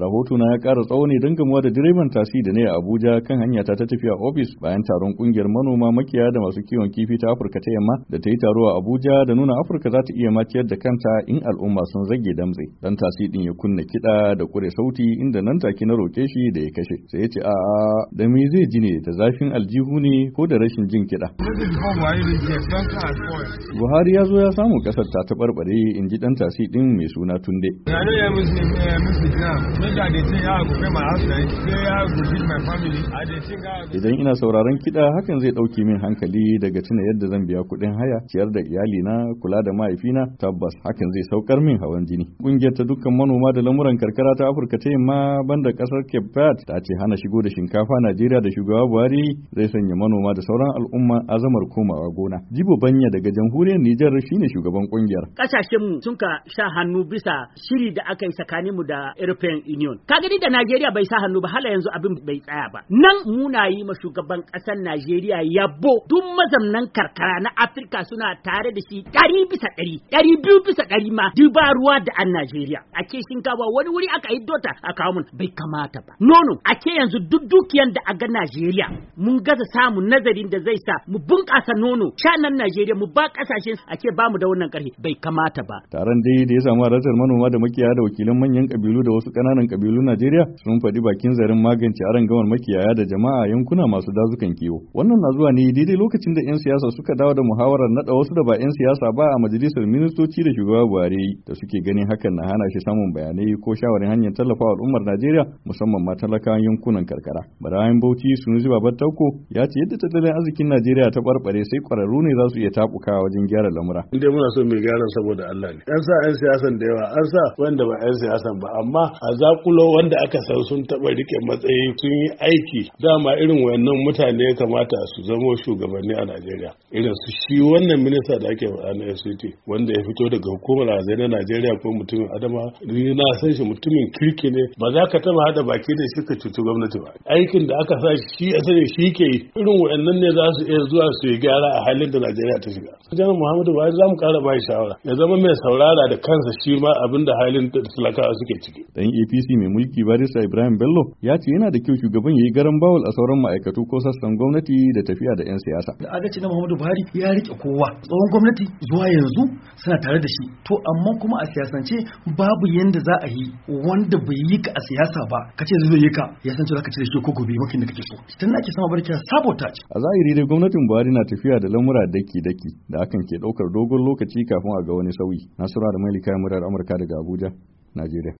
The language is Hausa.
rahoto na ya kara tsawo ne don gamuwa da direban tasi da ne a Abuja kan hanya ta tafiya ofis bayan taron kungiyar manoma makiya da masu kiwon kifi ta Afirka ta yamma da ta yi taro a Abuja da nuna Afirka za ta iya makiyar da kanta in al'umma sun zage damtse. Dan tasi din ya kunna kiɗa da kure sauti inda nan take na roke shi da ya kashe. Sai ya ce a da me zai ji ne da zafin aljihu ne ko da rashin jin kiɗa. Buhari ya zo ya samu ƙasar ta taɓarɓare in ji ɗan tasi ɗin mai suna Tunde. Idan ina sauraron kiɗa hakan zai ɗauke min hankali daga tuna yadda zan biya kuɗin haya, ciyar da iyali na kula da mahaifina, tabbas hakan zai saukar min hawan jini. Ƙungiyar ta dukkan manoma da lamuran karkara ta Afirka ta yamma banda kasar Cape Verde ta ce hana shigo da shinkafa Najeriya da shugaba Buhari zai sanya manoma da sauran al'umma azamar komawa gona. Jibo Banya daga jamhuriyar Nijar shine shugaban ƙungiyar. Ƙasashenmu sun ka sha hannu bisa shiri da aka yi tsakaninmu da European Union gani da Najeriya bai sa hannu ba hala yanzu abin bai tsaya ba nan muna yi ma shugaban ƙasar Najeriya yabo duk mazamnan karkara na Afirka suna tare da shi ɗari bisa ɗari ɗari biyu bisa ɗari ma duba ruwa da an Najeriya a ke shinkafa wani wuri aka yi dota a kawo mun bai kamata ba nono a ke yanzu duk dukiyan da a ga Najeriya mun gaza samun nazarin da zai sa mu bunƙasa nono sha nan Najeriya mu ba ƙasashen a ke ba mu da wannan ƙarfi bai kamata ba taron dai da ya samu halartar manoma da makiyaya da wakilan manyan kabilu da wasu ƙananan kabilun Najeriya sun faɗi bakin zarin magance gawar makiyaya da jama'a yankuna masu dazukan kiwo. Wannan na zuwa ne daidai lokacin da 'yan siyasa suka dawo da muhawarar naɗa wasu da ba 'yan siyasa ba a majalisar ministoci da shugaba Buhari da suke ganin hakan na hana shi samun bayanai ko shawarin hanyar tallafawa al'ummar Najeriya musamman ma talakawan yankunan karkara. Barayin Bauchi Sunusi Babatauko ya ce yadda tattalin arzikin Najeriya ta barbare sai kwararru ne za su iya tabuka wajen gyara lamura. inda muna so mai gyara saboda Allah ne. An sa 'yan siyasan da yawa, an sa wanda ba 'yan siyasan ba, amma a kulo wanda aka san sun taba rike matsayi sun yi aiki dama irin wayannan mutane ya kamata su zamo shugabanni a Najeriya irin su shi wannan minista da ake faɗa na wanda ya fito daga hukumar azai na Najeriya ko mutumin Adama ni na san shi mutumin kirki ne ba za ka taba hada baki da shi ka cuci gwamnati ba aikin da aka sa shi a sani shi ke yi. irin wayannan ne za su iya zuwa su yi gyara a halin da Najeriya ta shiga Jan Muhammadu Buhari za mu kara bai shawara ya zama mai saurara da kansa shi ma abin da halin talakawa suke ciki dan APC gwamnati mai mulki Barista Ibrahim Bello ya ce yana da kyau shugaban ya yi garan bawul a sauran ma'aikatu ko sassan gwamnati da tafiya da 'yan siyasa. Da adalci na Muhammadu Buhari ya rike kowa tsawon gwamnati zuwa yanzu suna tare da shi to amma kuma a siyasance babu yanda za a yi wanda bai yi ka a siyasa ba kace zai yi ka ya san cewa ka da shi ko gobe makin da kake so. Tun ake sama barka sabotage. A zahiri dai gwamnatin Buhari na tafiya da lamura daki-daki da hakan ke ɗaukar dogon lokaci kafin a ga wani sauyi. Nasura da Mailika Murar Amurka daga Abuja, Najeriya.